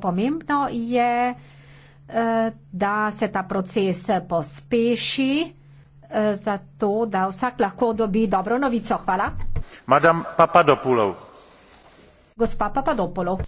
pomembno je, eh, da se ta proces pospeši, eh, zato da vsak lahko dobi dobro novico. Hvala. Madam Papadopoulou. Gospa Papadopoulou.